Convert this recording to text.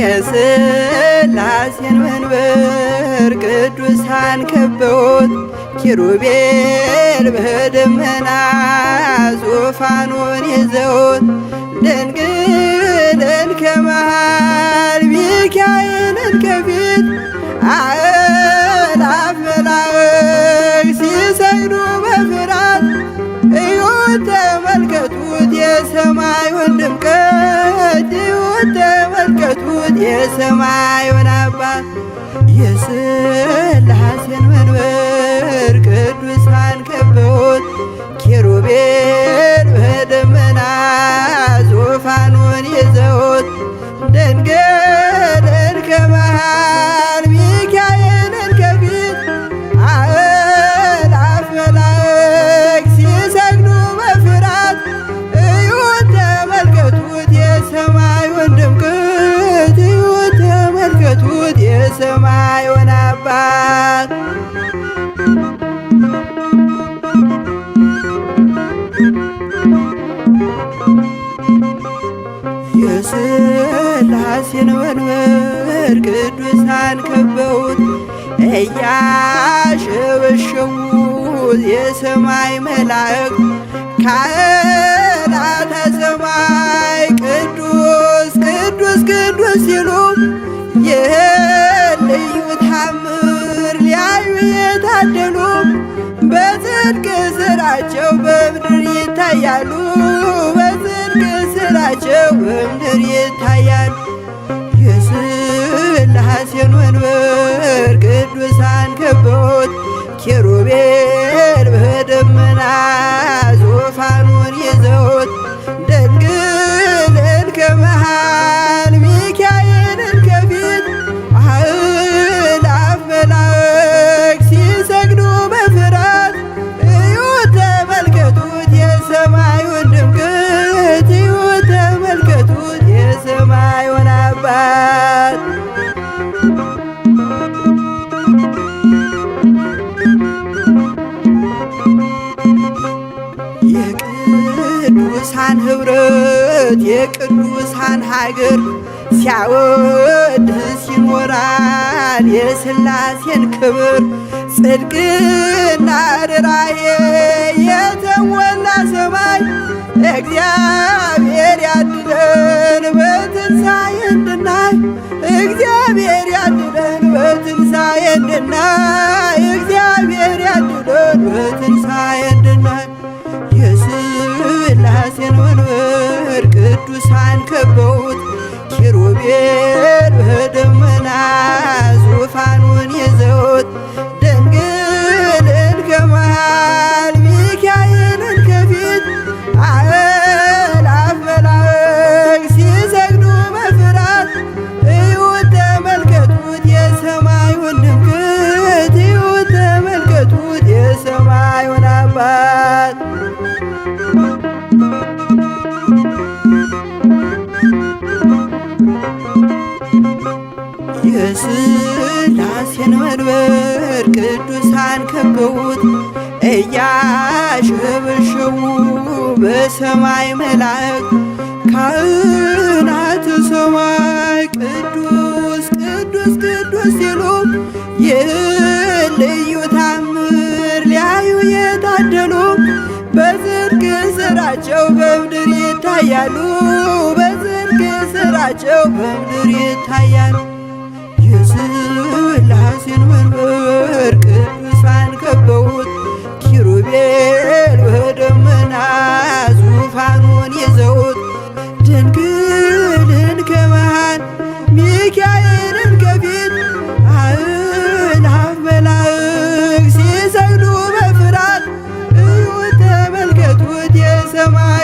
የስላሴን መንበር ቅዱሳን ከበውት ኪሩቤል በደመና ዙፋኑን ይዘውት ድንግልን ከመሃል ሚካኤልን ከፊት የቱት የሰማይ ወላባ የስላሴን መንበር ቅዱሳን ከበውት ኪሩቤል የቅዳሴን ወንበር ቅዱሳን ከበውት እያሸበሸቡት የሰማይ መላእክት ካህናተ ሰማይ ቅዱስ ቅዱስ ቅዱስ ሲሉ የልዩ ልዩ ታምር ሊያዩ የታደሉ በጽድቅ ስራቸው በምድር ይታያሉ በጽድቅ ስራቸው በምድር ይታያሉ። የሥላሴን መንበር ቅዱሳን ከበውት ኪሩቤል በደመና ዙፋኑን ይዘውት ድንግልን ከመሃል ሚካኤልን ከፊት አእላፍ መላእክት ሲሰግዱ በፍራት እዩት ተመልከቱት የሰማዩን ድምቀት እዩት ተመልከቱት የሰማዩን አባት የቅዱሳን ሀገር ሲያወድስ ይኖራል የስላሴን ክብር ጽድቅና ርራዬ የተሞላ ሰማይ እግዚአብሔር ያድለን በትንሣኤ እንድናይ እግዚአብሔር ያድለን በትንሣኤ እንድናይ boy. ሲያነበቡት እያሸበሸቡ በሰማይ መላእክ ካህናተ ሰማይ ቅዱስ ቅዱስ ቅዱስ ሲሉ የልዩ ታምር ሊያዩ የታደሉ በዝርግ ስራቸው በምድር ይታያሉ በዝርግ ስራቸው በምድር ይታያሉ የስላሴን መንበር ሚካኤልን ከፊት አእላፍ መላእክት ሲሰግዱ በፍርሃት እዩ ተመልከቱት የሰማይ